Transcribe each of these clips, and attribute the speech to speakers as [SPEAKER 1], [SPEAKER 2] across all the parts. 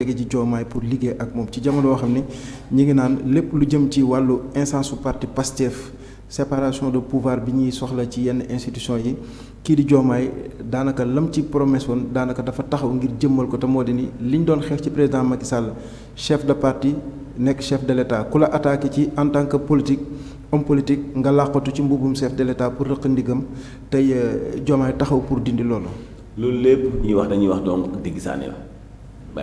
[SPEAKER 1] léegi ci joomaay pour liggéey ak moom ci jamono yoo xam ne ñu ngi naan lépp lu jëm ci wàllu instance su parti Pastef séparation de pouvoir bi ñuy soxla ci yenn institution yi kii di joomaay daanaka lam ci promesse daanaka dafa taxaw ngir jëmmal ko te moo di ni li ñu doon xeex ci président Macky Sall chef de partie nekk chef de l'État ku la attaqué ci en tant que politique homme politique nga làqatu ci mbubum chef de l'État pour rëq ndigam tey euh, joomaay taxaw pour dindi loolu. loolu lépp ñuy wax dañuy wax donc digg saane la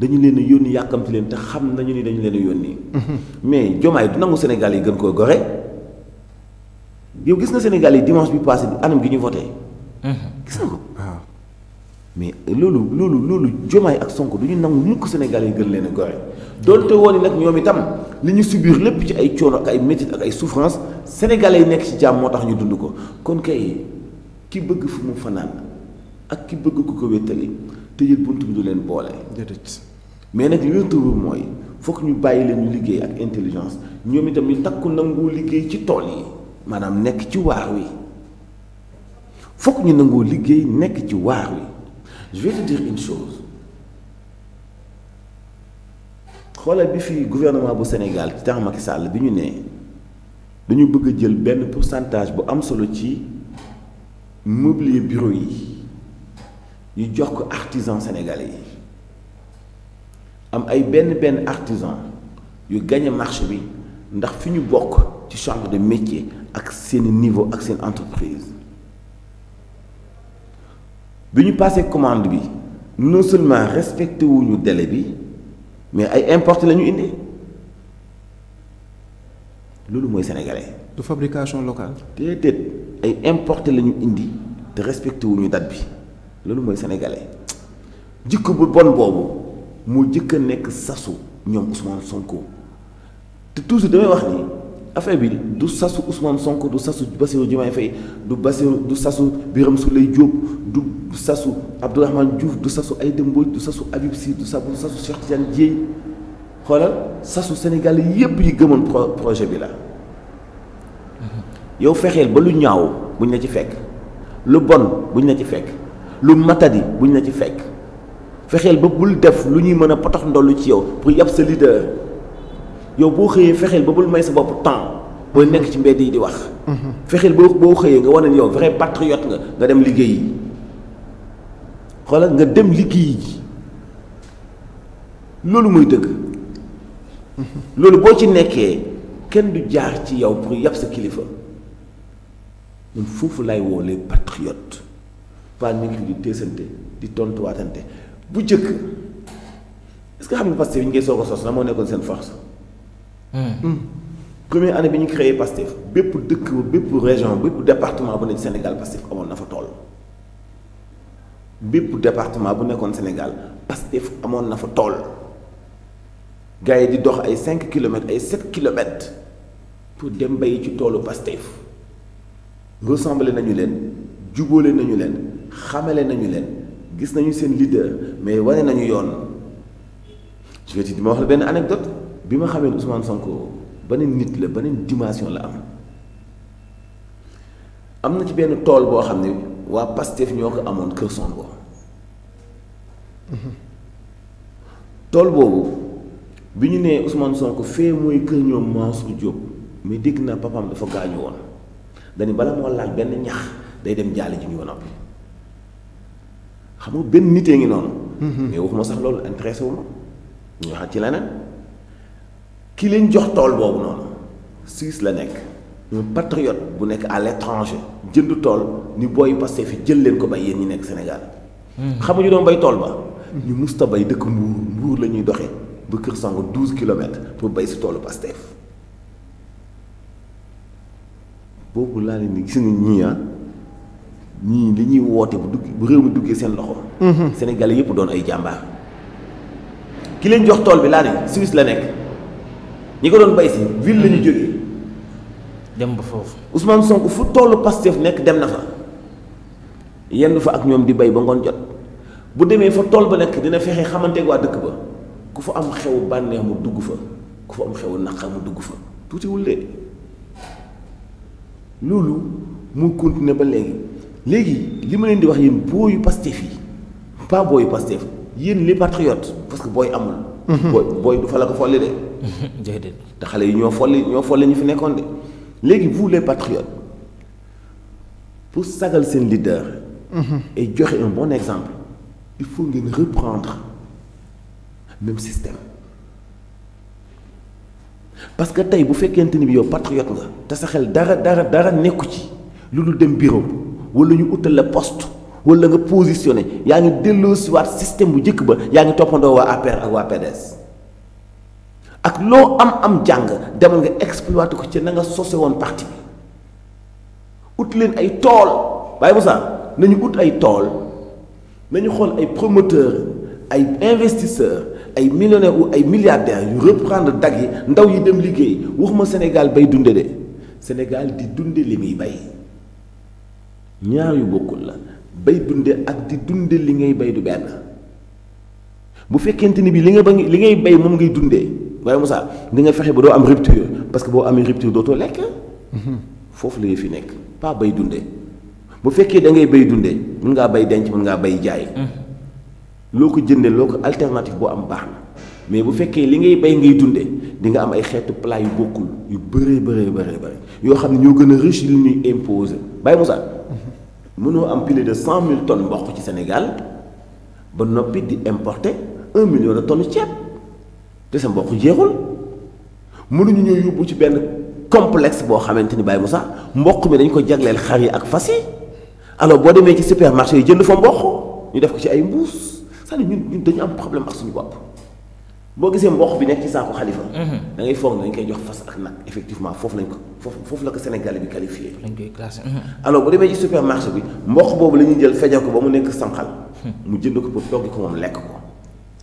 [SPEAKER 1] dañu leen a yónni yàkkamti leen te xam nañu ni dañu leen a yónni. mais jomaay du nangu Sénégal yi gën koo gore yow gis na Sénégal yi dimanche bi passé anam gi ñu voté. gis na ko. Ah. mais loolu loolu loolu jomaay ak Sonko du ñu nangu mukk Sénégal yi gën leen a gore doonte woon ni nag ñoom itam li ñu subir lépp ci ay coono ak ay métit ak ay souffrance sénégalais yi nekk ci jàmm moo tax ñu dund ko kon kay ki bëgg fu mu fanaan ak ki bëgg ku ko wéttali tëjël bunt bi du leen boole mais il faut que nous mooy ñu Nous liggéey ak intelligence ñoom itam ñu takku nangoo liggéey ci tool yi nekk ci waar wi ñu nangoo liggéey nekk ci waar je vais te dire une chose xoolal bi gouvernement bu Sénégal ci temps Macky bi ñu ne dañu bëgg a jël benn pourcentage bu am solo ci mobilier bureau yi ñu jox ko artisan sénégalais am ay benn benn artisan yu gagné marché bi ndax fi ñu de métier ak seen niveau ak entreprise bi ñu passé commande bi non seulement respecté wuñu délai bi mais ay importé la ñu indi loolu mooy sénégalais. du fabrication locale. déedéet ay importé la ñu indi te respecté wuñu date bi loolu mooy sénégalais jikko bu bon moo jëkk a sasu ñoom Ousmane Sonko te toujours damay wax ni affaire bi du sasu Ousmane Sonko du sasu Bassirou Djimaye Faye du Bassirou du sasu Birame Souleye Diop du sasu Abdourahmane Diouf du sasu Aïda Mbodj du sasu Habib Sy du sasu Cheikh Tidiane Dièye xoolal sasu Sénégal yépp yi gëmoon projet bi la yow fexel ba lu ñaaw buñ la ci fekk lu bon buñ la ci fekk lu matadi buñ la ci fekk fexel ba bul def lu ñuy mën a potax ndollu ci yow pour yàpp sa leader yow boo xëyee fexel ba bul may sa bopp temps booy nekk ci mbedd yi di wax. Mhm. fexel boo boo xëyee nga wane yow vrai patriote nga nga dem yi xoolal nga dem liggéeyi yi loolu mooy dëgg. Mhm. loolu boo ci nekkee kenn du jaar ci yow pour yàpp sa kilifa ñun foofu lay woo les patriotes pas nit di téesante di tontuwaatante bu est-ce que xam nga Pastef bi ñu koy soog sos la moo nekkoon seen hmm. Hmm. première année bi ñu créé pasteur bépp dëkk région département bu Sénégal pasteur amoon na fa toll bépp département bu nekkoon Sénégal pasteur amoon na fa toll gars di dox ay kilomètres pour dem bay ci toolu Pastef ressemblé nañu leen nañu gis nañu seen leader mais wane nañu yoon je vais te dire ma wax la benn anecdote bi ma xamee Ousmane Sonko beneen nit la beneen dimension la am am na ci benn tool boo xam ne waa Pastef ñoo ko amoon Kër Sonko tool boobu bi ñu nee Ousmane Sonko fee mooy kër ñoom Mansour Diop mais dégg naa papaam dafa gaañu woon dañu bala moo laaj benn ñax day dem jàll ji ñu ba xam nga benn ngi mais waxuma sax loolu intéressé ñu waxaat ci leneen ki jox la un patriote bu nekk à l'étranger jënd tool ni booy passé fi jël leen ko bay ñi Sénégal. Hmm. doon bay tool ba. ñu musta bay la ñuy doxee Kër douze kilomètres pour bay si toolu Pastef boobu laa leen ni li ñuy woote bu dugg bu réew mi duggee seen loxo. Mhm. Sénégalais yëpp doon ay jàmbaar. ki leen jox tool bi Suisse la ñi ko doon bay ville la ñu dem ba foofu. Ousmane Sonko fu Pastef nek dem na fa yenn fa ak ñoom di bay ba ngoon jot bu demee fa tool ba nekk dina fexe xamanteeg waa dëkk ba ku fa am xew bànneex mu dugg fa ku fa am xew naqar mu fa mu ba ce qui est di pas les patriotes parce que les amul. Mhm. boy boy du fa la ko de. vous les patriotes pour sagal leader. Mhm. et un bon exemple. il faut reprendre reprendre même système parce que tay bu vous ni yow patriote nga sa xel dara dara wala ñu utal le poste wala nga positionné yaa ngi delloo système bu vous ba yaa ngi toppandoo APR ak wa PDS ak lo am am jang vous nga exploiter ko ci na nga sosé won parti bi leen ay vous Moussa nañu out ay tol nañu xol ay promoteur ay investisseur, ay millionnaires ou ay milliardaires yu reprendre dag ndaw yi dem liggéey waxuma Sénégal bay dundé de Sénégal di dundé limi bay ñaar yu bokkul la bay dunde ak di dunde li ngay bay du benn bu fekkente ni li nga li ngay bay moom ngay dundee waaye Moussa am rupture parce que boo amee rupture dootoo lekk mhm. foofu la ne pas bay dunde bu fekkee da ngay bay dunde mun bay bay jaay mhm. alternative am mais bu fekkee li ngay bay ngay dunde di nga am ay xeetu plat yu bokkul yu bëree bëree bëree bëri ne riche li ñuy imposé. Moussa mhm mënoo am plus de cent mille tonnes mboq ci Sénégal ba noppi di importer 1 million de tonnes ceeb te sa mboq jeexul mënuñu ñoo yóbbu ci benn complexe boo xamante ni Baye Moussa mboq mi dañ ko jagleel xar yi ak fas yi alors boo demee ci supermarché yi jënd fa mboq ñu def ko ci ay mbuus cest à ñun ñun dañu am problème ak suñu bopp boo gisee mboq bi nekk ci saako xalifa mhm. da ngay foog dañ koy jox fas ak nag effectivement foofu lañ ko foofu la ko Sénégal bi qualifier lañ koy classé. Mhm. alors bu demee ci supermarché bi mboq boobu la ñuy jël feja ko ba mu nekk sànqal. Hmm. mu jënd ko pour togg ko moom lekk ko.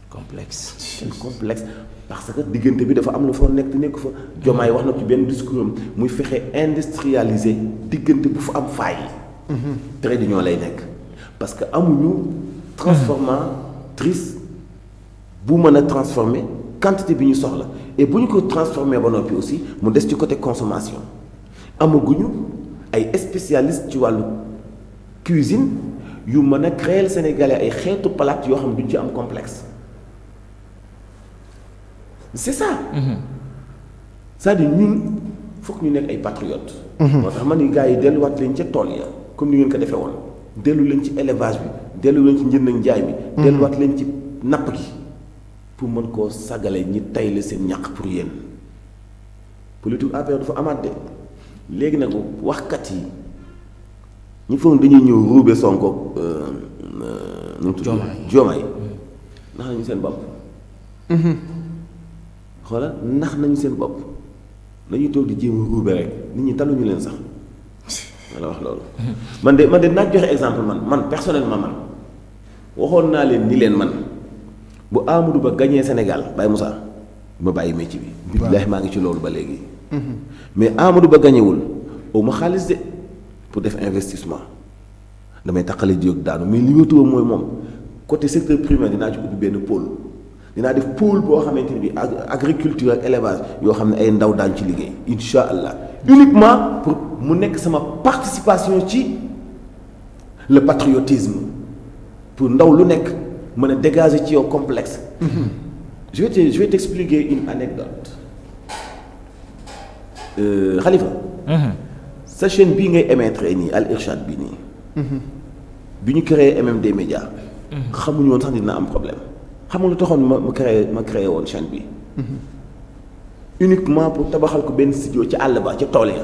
[SPEAKER 1] complexe. c'est complexe parce que diggante bi dafa am lu fa nekk te nekk fa. Jomaay wax na ci benn discours am muy fexe industrialiser diggante bu fa am faay yi. Mhm. très lay nekk parce que amuñu. transformatrice bu mën a transformer quantité bi ñu soxla et bu ñu ko bon ba aussi mu des ci côté consommation amaguñu ay spécialiste ci wàllu cuisine yu mën a créer sénégalais ay xeetu palaat yoo xam duñ ci am complexe c'est ça. Mm-hmm. c'est-à-dire ñun fokk ñu nekk ay patriotes. Mm-hmm. moo tax man ni gars yi delluwaat leen ca tool ya comme ni ngeen ko defee woon dellu leen ci élevage bi dellu leen ci njënd ak njaay bi. Mm-hmm. delluwaat leen ci pour mën koo sagale ñi tay la seen ñàq pour yéen politique APR dafa amaat de léegi nag waxkat yi ñu foog dañuy ñëw ruube Sonko euh, euh, nu mu tudd Diomaye mm-hmm. nax nañu seen bopp mm-hmm. xoola nax nañu seen bopp nañuy toog di jéem a ruube rek nit ñi taluñu leen sax la wax mm-hmm. man de man de naa joxe exemple man man personnellement man waxoon naa leen ni leen man bu Amadou Ba au Sénégal Baye Moussa ma baye métier bi. billahi ci ba légui mais Amadou Ba wul aw ma xaalis pour def investissement damay mais li côté secteur primaire dina ci pôle. def pôle agriculture élevage ay ndaw ci uniquement pour mu sama participation ci le patriotisme pour ndaw lu mën dégager ci complexe. je vais te je vais t'expliquer une anecdote euh, Khalifa. Mhm. sa chaîne bii ngay émettre ni Al Irshad mhm. bi Bini créé MMD Média. Mhm. xamuñu woon sax dina un problème. xam nga lu taxoon ma créé ma créé woon chaîne bi. uniquement pour tabaxal ko benn studio ci àll ba ca tool ya.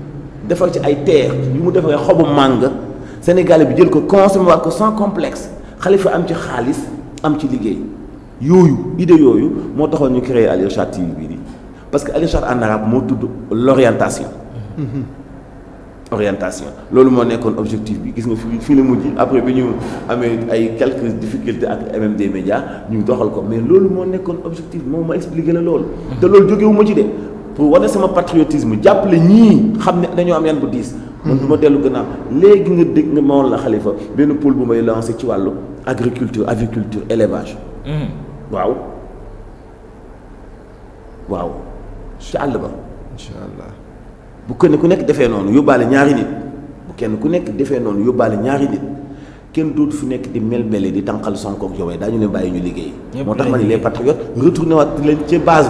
[SPEAKER 1] defar ci ay terre yu mu defaree xobu màng Sénégalais bi jël ko consommé waat ko sans complexe Khalifa am ci khalis am ci liguey yoyu idée yoyu mo taxone ñu créer Al Irshad TV bii nii parce que Al Irshad en arabe mo tudd l'orientation. Mm-hmm. orientation loolu mo nekkoon objectif bi gis nga fi fii la mujj après bi ñu amee ay quelques difficultés ak MMD media ñu doxal ko mais loolu mo nekkoon objectif mo ma expliquer la loolu. Mm-hmm. te jogé wu ma ci dé pour wone sama patriotisme ñi xamné ne am yeen bu man duma légui nga dégg nga la khalifa bu may ci agriculture aviculture élevage. Hmm. waaw waaw inshallah ba. bu kenn ku nekk defee vous yóbbaale ñaari nit bu kenn ku nekk ñaari nit kenn fu nekk di mel di Sonko ak les base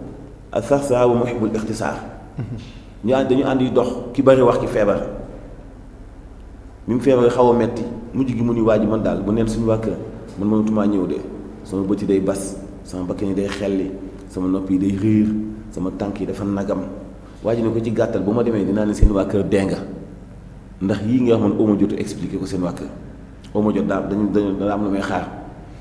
[SPEAKER 1] ak sax saa wa muhibbul ixtisaar ñu ànd dañu ànd yu dox ki bari wax ki feebar bi mu feebaree xaw a metti mujj gi mu ni waa ji man daal bu neen suñu waa kër man mënatumaa ñëw de sama bëti day bas sama bakkan yi day xelli sama nopp yi day riir sama tànk yi dafa nagam waa ji ne ko ci gàttal bu ma demee dinaa ne seen waa kër denga ndax yii nga wax man oma jotu expliqué ko seen waa kër oma jot daal dañu dañu daa am na may xaar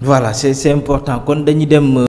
[SPEAKER 1] voilà c'est important Quand ni euh,